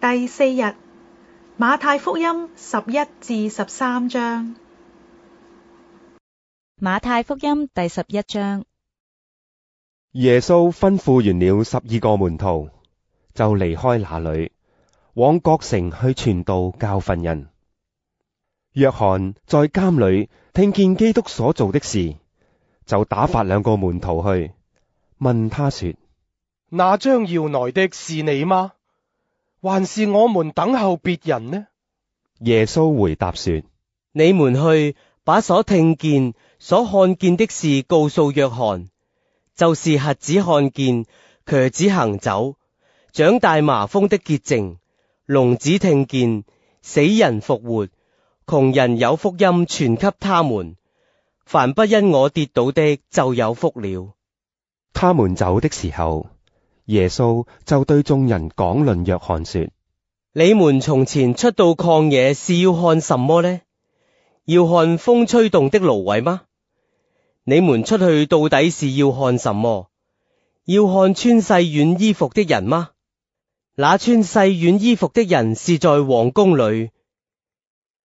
第四日，馬太福音十一至十三章。馬太福音第十一章，耶穌吩咐完了十二個門徒，就離開那裏，往各城去傳道、教訓人。約翰在監裏聽見基督所做的事，就打發兩個門徒去問他說：那將要來的是你嗎？還是我們等候別人呢？耶穌回答說：你們去把所聽見、所看見的事告訴約翰，就是瞎子看見、瘸子行走、長大麻風的潔淨、聾子聽見、死人復活、窮人有福音傳給他們。凡不因我跌倒的就有福了。他們走的時候。耶穌就對眾人講論約翰說：你們從前出到曠野是要看什麼呢？要看風吹動的蘆葦嗎？你們出去到底是要看什麼？要看穿細軟衣服的人嗎？那穿細軟衣服的人是在皇宮裏。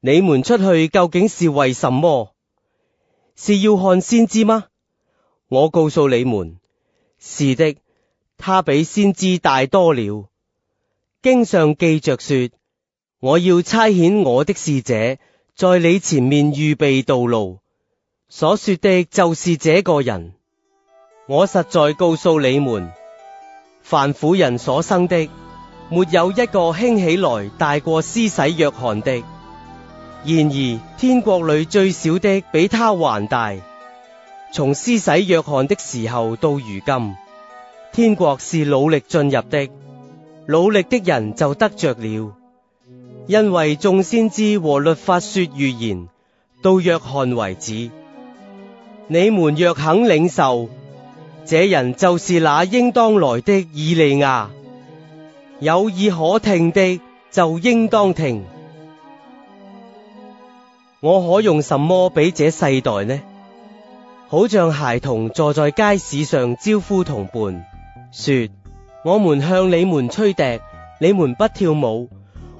你們出去究竟是為什麼？是要看先知嗎？我告訴你們，是的。他比先知大多了，經上記着說：我要差遣我的使者在你前面預備道路。所說的就是這個人。我實在告訴你們，凡婦人所生的，沒有一個興起來大過施洗約翰的。然而天國裏最小的比他還大。從施洗約翰的時候到如今。天國是努力進入的，努力的人就得着了。因為眾先知和律法說預言到約翰為止，你們若肯領受，這人就是那應當來的以利亞。有耳可聽的就應當聽。我可用什麼比這世代呢？好像孩童坐在街市上招呼同伴。說：我們向你們吹笛，你們不跳舞；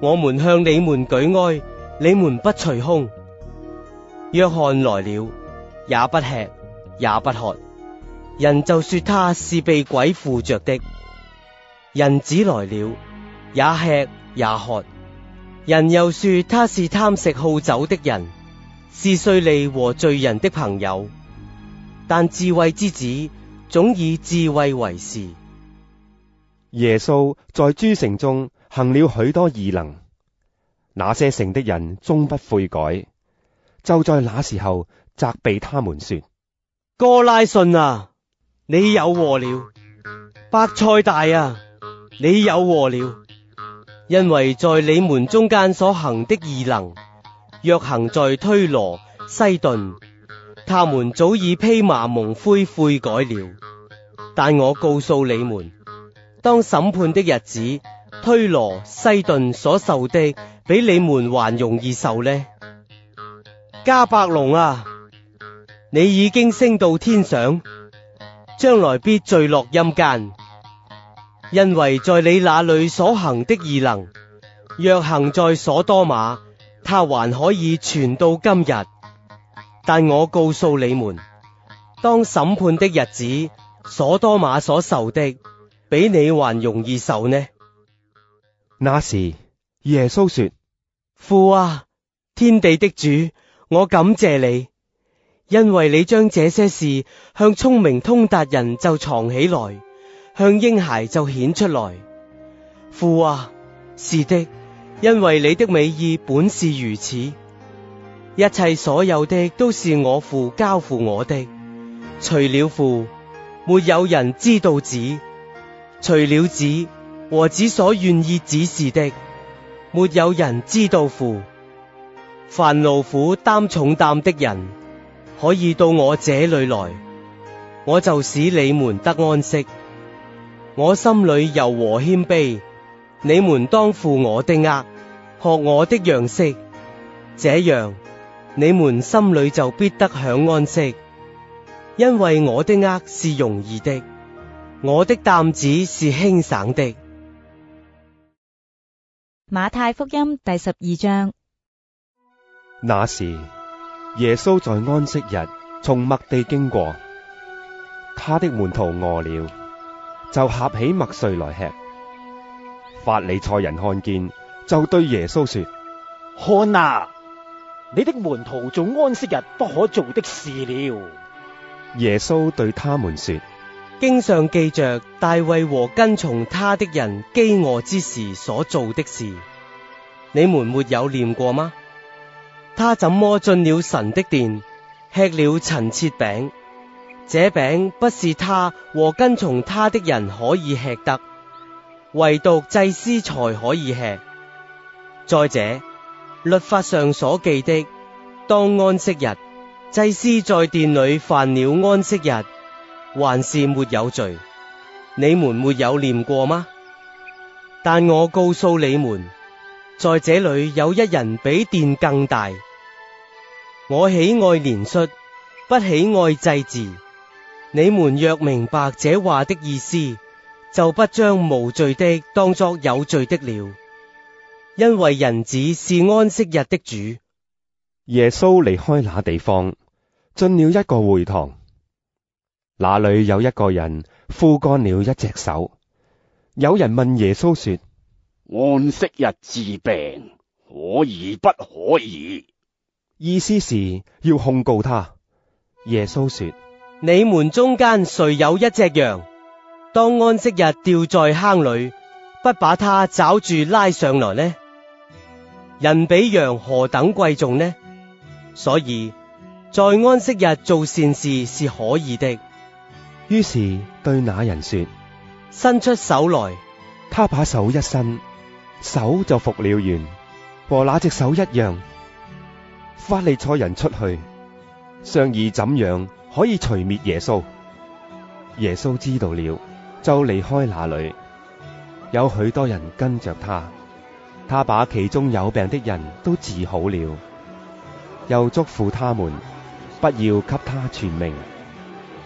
我們向你們舉哀，你們不捶胸。約翰來了，也不吃，也不喝，人就說他是被鬼附着的；人子來了，也吃也喝，人又說他是貪食好酒的人，是稅吏和罪人的朋友。但智慧之子。總以智慧為是。耶穌在諸城中行了許多異能，那些城的人終不悔改。就在那時候，責備他們說：哥拉汛啊，你有禍了！伯賽大啊，你有禍了！因為在你們中間所行的異能，若行在推羅、西頓。他們早已披麻蒙灰悔改了，但我告訴你們，當審判的日子，推羅、西頓所受的比你們還容易受呢。迦百農啊，你已經升到天上，將來必墜落陰間，因為在你那裏所行的異能，若行在所多瑪，它還可以傳到今日。但我告訴你們，當審判的日子，所多瑪所受的，比你還容易受呢。那時，耶穌說：父啊，天地的主，我感謝你，因為你將這些事向聰明通達人就藏起來，向嬰孩就顯出來。父啊，是的，因為你的美意本是如此。一切所有的都是我父交付我的，除了父，沒有人知道子；除了子和子所願意指示的，沒有人知道父。凡勞苦擔重擔的人，可以到我這裏來，我就使你們得安息。我心裏柔和謙卑，你們當負我的軛，學我的樣式，這樣。你們心裏就必得享安息，因為我的軛是容易的，我的擔子是輕省的。馬太福音第十二章。那時，耶穌在安息日從麥地經過，他的門徒餓了，就合起麥穗來吃。法利賽人看見，就對耶穌說：看啊！你的門徒做安息日不可做的事了。耶穌對他們說： 經上記着大衛和跟從他的人飢餓之時所做的事，你們沒有念過嗎？他怎麼進了神的殿，吃了陳設餅？這餅不是他和跟從他的人可以吃得，唯獨祭司才可以吃。再者。律法上所記的，當安息日，祭司在殿裏犯了安息日，還是沒有罪。你們沒有念過嗎？但我告訴你們，在這裏有一人比殿更大。我喜愛憐恤，不喜愛祭祀。你們若明白這話的意思，就不將無罪的當作有罪的了。因為人子是安息日的主。耶穌離開那地方，進了一個會堂，那裏有一個人枯乾了一隻手。有人問耶穌說：安息日治病可以不可以？意思是要控告他。耶穌說：你們中間誰有一隻羊，當安息日掉在坑裏，不把他抓住拉上來呢？人比羊何等貴重呢？所以在安息日做善事是可以的。於是對那人說：伸出手來。他把手一伸，手就復了完，和那隻手一樣。法利賽人出去，商議怎樣可以除滅耶穌？耶穌知道了，就離開那裏，有許多人跟着他。他把其中有病的人都治好了，又囑咐他們不要給他傳名。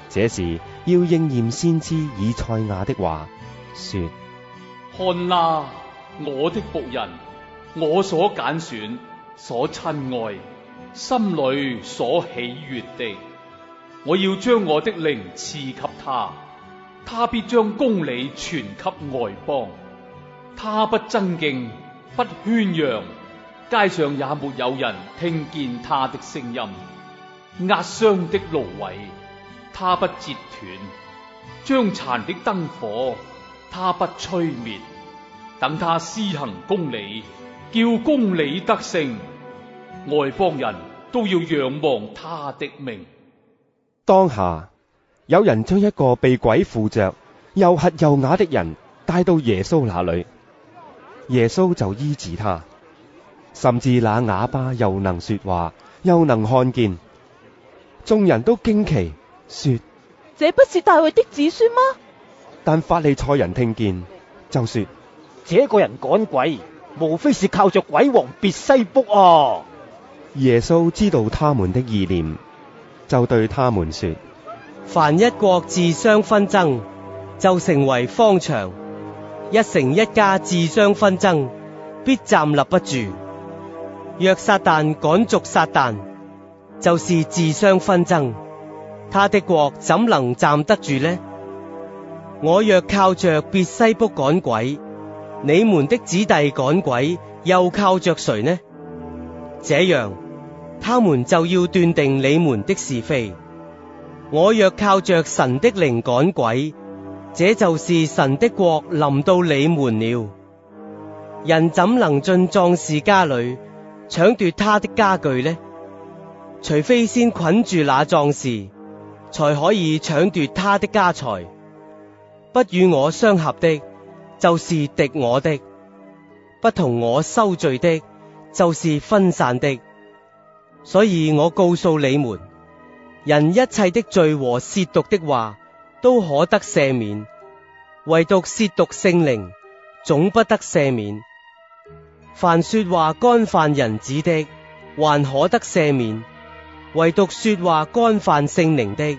這時要應驗先知以賽亞的話，說：看哪、啊，我的僕人，我所揀選、所親愛、心裏所喜悅的，我要將我的靈賜給他，他必將公理傳給外邦，他不爭競。」不喧嚷，街上也沒有人聽見他的聲音。壓傷的蘆葦，他不折斷；將殘的燈火，他不吹滅。等他施行公理，叫公理得勝，外邦人都要仰望他的名。當下，有人將一個被鬼附着、又瞎又啞的人帶到耶穌那裏。耶穌就醫治他，甚至那啞巴又能說話，又能看見，眾人都驚奇說：這不是大衛的子孫嗎？但法利賽人聽見，就說：這個人趕鬼，無非是靠着鬼王別西卜哦、啊。耶穌知道他們的意念，就對他們說：凡一國自相紛爭，就成為荒場。一城一家自相紛爭，必站立不住。若撒旦趕逐撒旦，就是自相紛爭，他的國怎能站得住呢？我若靠着別西卜趕鬼，你們的子弟趕鬼，又靠着誰呢？這樣，他們就要斷定你們的是非。我若靠着神的靈趕鬼。這就是神的國臨到你們了。人怎能進壯士家裏搶奪他的家具呢？除非先捆住那壯士，才可以搶奪他的家財。不與我相合的，就是敵我的；不同我收罪的，就是分散的。所以我告訴你們，人一切的罪和褻瀆的話。都可得赦免，唯獨褻瀆聖靈，總不得赦免。凡說話干犯人子的，還可得赦免，唯獨說話干犯聖靈的，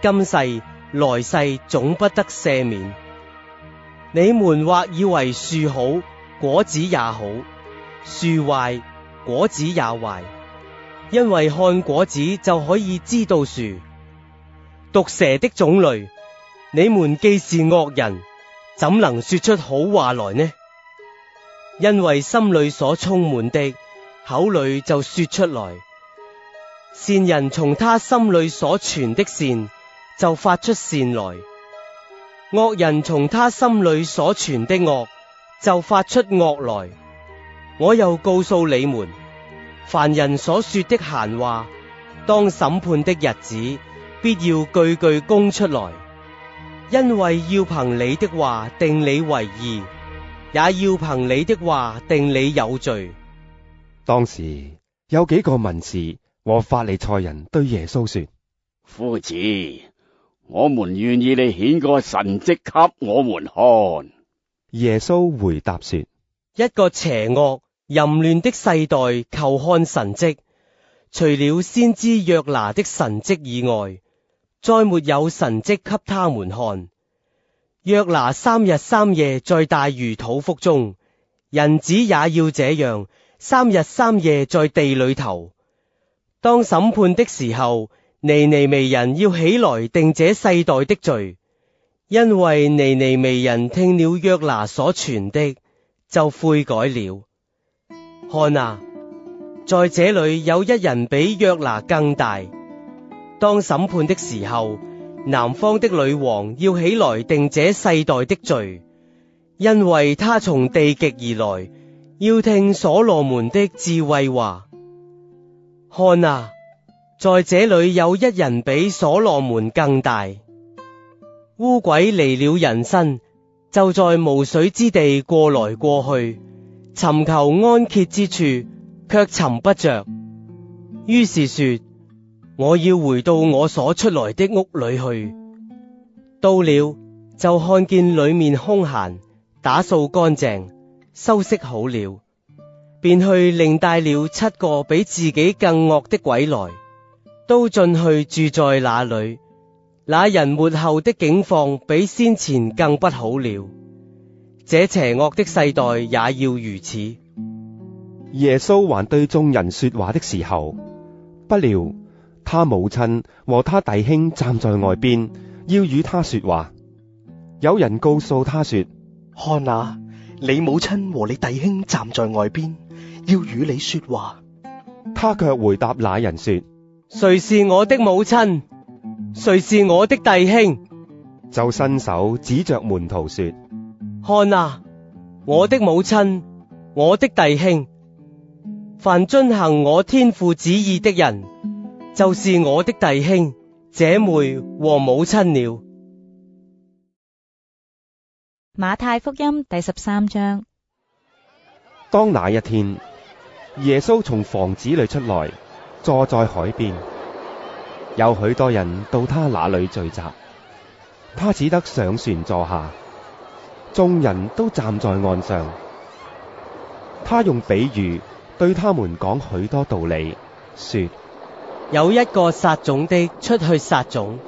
今世、來世總不得赦免。你們或以為樹好，果子也好；樹壞，果子也壞，因為看果子就可以知道樹。毒蛇的種類，你們既是惡人，怎能說出好話來呢？因為心裏所充滿的，口裏就說出來。善人從他心裏所存的善，就發出善來；惡人從他心裏所存的惡，就發出惡來。我又告訴你們，凡人所說的閒話，當審判的日子。必要句句供出來，因為要憑你的話定你為義，也要憑你的話定你有罪。當時有幾個文士和法利賽人對耶穌說：夫子，我們願意你顯個神迹給我們看。耶穌回答說：一個邪惡、淫亂的世代求看神蹟，除了先知約拿的神蹟以外。再沒有神蹟給他們看。約拿三日三夜在大魚肚腹中，人子也要這樣，三日三夜在地裏頭。當審判的時候，尼尼微人要起來定這世代的罪，因為尼尼微人聽了約拿所傳的，就悔改了。看啊，在這裏有一人比約拿更大。當審判的時候，南方的女王要起來定這世代的罪，因為她從地極而來，要聽所羅門的智慧話。看啊，在這裏有一人比所羅門更大。污鬼離了人身，就在無水之地過來過去，尋求安歇之處，却尋不着。於是說。我要回到我所出來的屋裏去，到了就看見裏面空閒，打掃乾淨，修飾好了，便去另帶了七個比自己更惡的鬼來，都進去住在那裏。那人末後的景況比先前更不好了。這邪惡的世代也要如此。耶穌還對眾人說話的時候，不料。他母親和他弟兄站在外邊，要與他說話。有人告訴他說：看啊，你母親和你弟兄站在外邊，要與你說話。他卻回答那人說：誰是我的母親？誰是我的弟兄？就伸手指着門徒說：看啊，我的母親，我的弟兄，凡遵行我天父旨意的人。就是我的弟兄、姐妹和母親了。馬太福音第十三章。當那一天，耶穌從房子裏出來，坐在海邊，有許多人到他那裏聚集，他只得上船坐下，眾人都站在岸上。他用比喻對他們講許多道理，說。有一個撒種的出去撒種，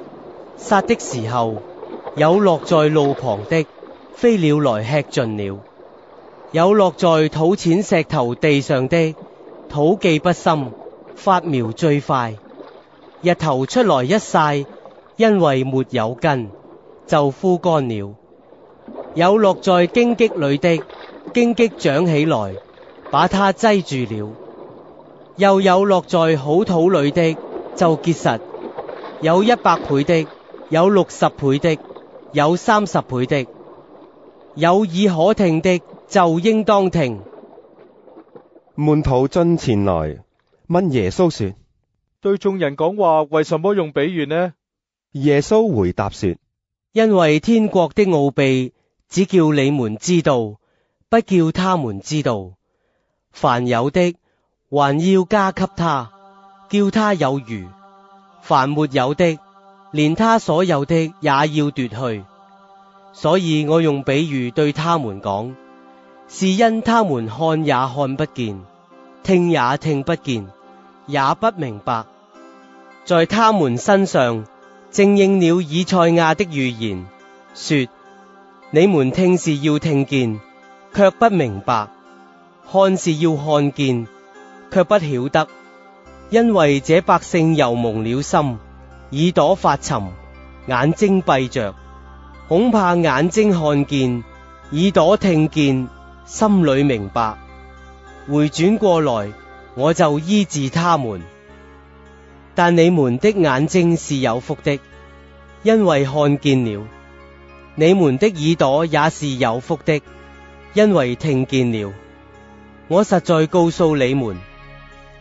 撒的時候有落在路旁的飛鳥來吃盡了；有落在土淺石頭地上的，土既不深，發苗最快，日頭出來一曬，因為沒有根就枯乾了；有落在荊棘裏的，荊棘長起來把它擠住了。又有落在好土裏的就結實，有一百倍的，有六十倍的，有三十倍的。有耳可聽的就應當聽。門徒進前來問耶穌說：對眾人講話為什麼用比喻呢？耶穌回答說：因為天國的奧秘只叫你們知道，不叫他們知道。凡有的。還要加給他，叫他有餘；凡沒有的，連他所有的也要奪去。所以我用比喻對他們講，是因他們看也看不見，聽也聽不見，也不明白。在他們身上，正應了以賽亞的預言，說：你們聽是要聽見，卻不明白；看是要看見。卻不曉得，因為這百姓油蒙了心，耳朵發沉，眼睛閉着，恐怕眼睛看見，耳朵聽見，心裏明白。回轉過來，我就醫治他們。但你們的眼睛是有福的，因為看見了；你們的耳朵也是有福的，因為聽見了。我實在告訴你們。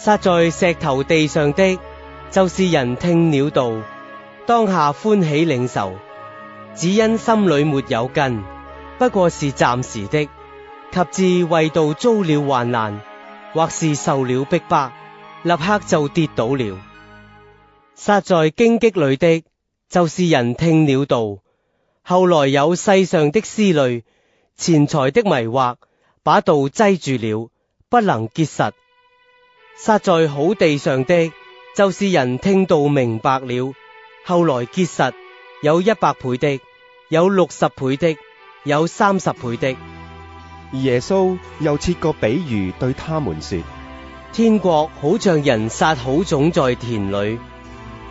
撒在石頭地上的，就是人聽了道，當下歡喜領受，只因心裏沒有根，不過是暫時的；及至為道遭了患難，或是受了逼迫，立刻就跌倒了。撒在荊棘裏的，就是人聽了道，後來有世上的思慮、錢財的迷惑，把道擠住了，不能結實。撒在好地上的，就是人聽到明白了，後來結實，有一百倍的，有六十倍的，有三十倍的。耶穌又設個比喻對他們說：天國好像人撒好種在田裏，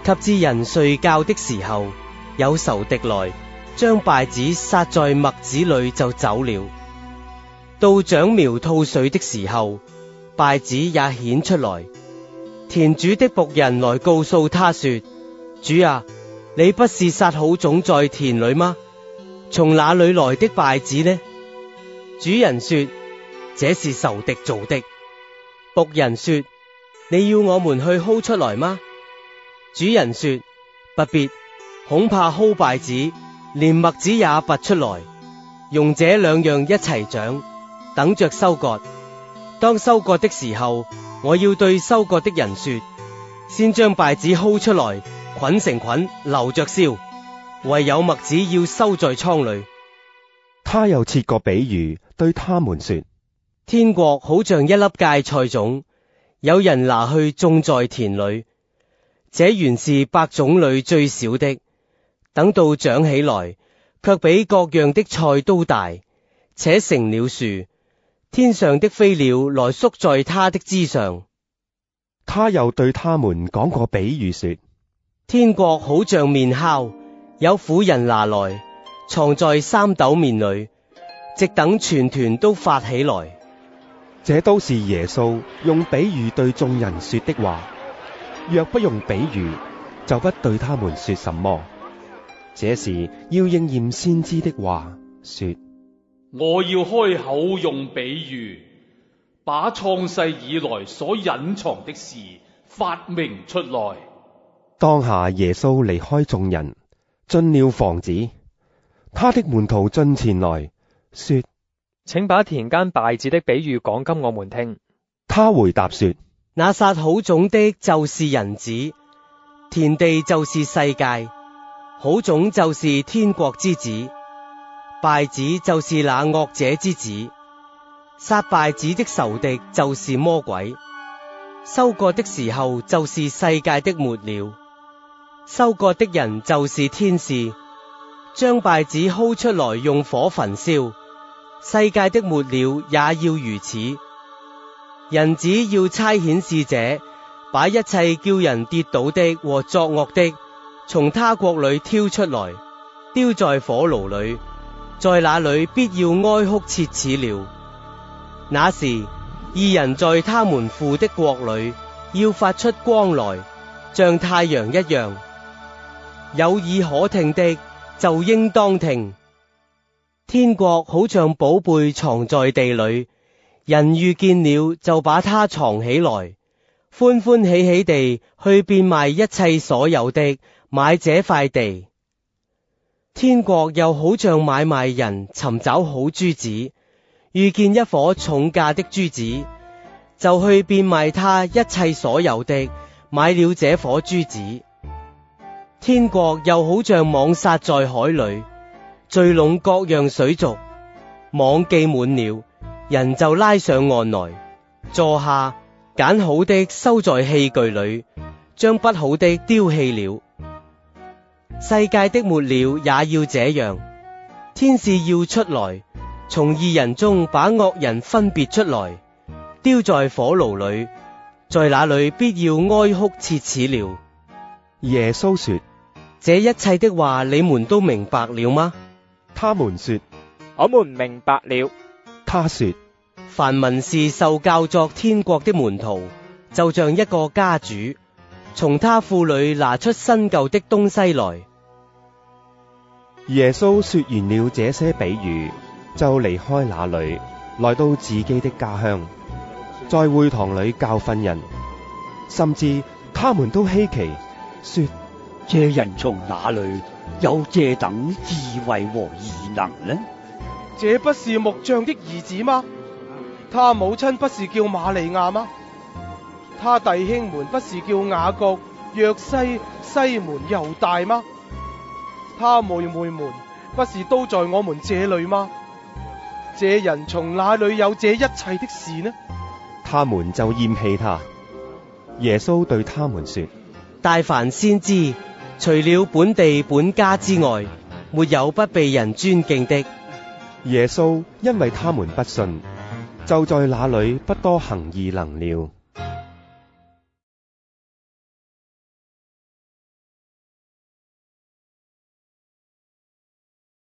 及至人睡覺的時候，有仇敵來將稗子撒在麥子裏就走了。到長苗吐穗的時候，稗子也顯出來，田主的僕人來告訴他說：主啊，你不是撒好種在田裏嗎？從哪裏來的稗子呢？主人說：這是仇敵做的。僕人說：你要我們去薅出來嗎？主人說：不必，恐怕薅稗子，連麥子也拔出來，用這兩樣一齊長，等着收割。當收割的時候，我要對收割的人說：先將稗子薅出來，捆成捆，留着燒；唯有麥子要收在倉裏。他又切個比喻對他們說：天國好像一粒芥菜種，有人拿去種在田裏。這原是百種裏最小的，等到長起來，卻比各樣的菜都大，且成了樹。天上的飛鳥，來宿在他的枝上。他又對他們講個比喻，說：天國好像麵酵，有婦人拿來藏在三斗麵裏，直等全團都發起來。這都是耶穌用比喻對眾人說的話。若不用比喻，就不對他們說什麼。這是要應驗先知的話，說。我要開口用比喻，把創世以來所隱藏的事發明出來。當下耶穌離開眾人，進了房子。他的門徒進前來說：請把田間稗子的比喻講給我們聽。他回答說：那撒好種的，就是人子；田地就是世界，好種就是天國之子。敗子就是那惡者之子，殺敗子的仇敵就是魔鬼。收割的時候就是世界的末了，收割的人就是天使，將敗子薅出來用火焚燒。世界的末了也要如此。人子要差遣使者，把一切叫人跌倒的和作惡的，從他國裏挑出來，丟在火爐裏。在那裏必要哀哭切齒了。那時義人在他們父的國裏，要發出光來，像太陽一樣。有耳可聽的就應當聽。天國好像寶貝藏在地裏，人遇見了就把它藏起來，歡歡喜喜地去變賣一切所有的，買這塊地。天國又好像買賣人尋找好珠子，遇見一顆重價的珠子，就去變賣他一切所有的，買了這顆珠子。天國又好像網撒在海裏，聚攏各樣水族，網記滿了，人就拉上岸來，坐下揀好的收在器具裏，將不好的丟棄了。世界的末了也要這樣，天使要出來，從二人中把惡人分別出來，丟在火爐裏，在那裏必要哀哭切齒了。耶穌說：這一切的話，你們都明白了嗎？他們說：我們明白了。他說：凡文士受教作天國的門徒，就像一個家主。從他庫裏拿出新舊的東西來。耶穌說完了這些比喻，就離開那裏，來到自己的家鄉，在會堂裏教訓人，甚至他們都希奇，說：這人從哪裏有這等智慧和異能呢？這不是木匠的兒子嗎？他母親不是叫馬利亞嗎？他弟兄們不是叫雅各、約西、西門猶大嗎？他妹妹們不是都在我們這裏嗎？這人從哪裏有這一切的事呢？他們就厭棄他。耶穌對他們說：大凡先知，除了本地本家之外，沒有不被人尊敬的。耶穌因為他們不信，就在那裏不多行異能了。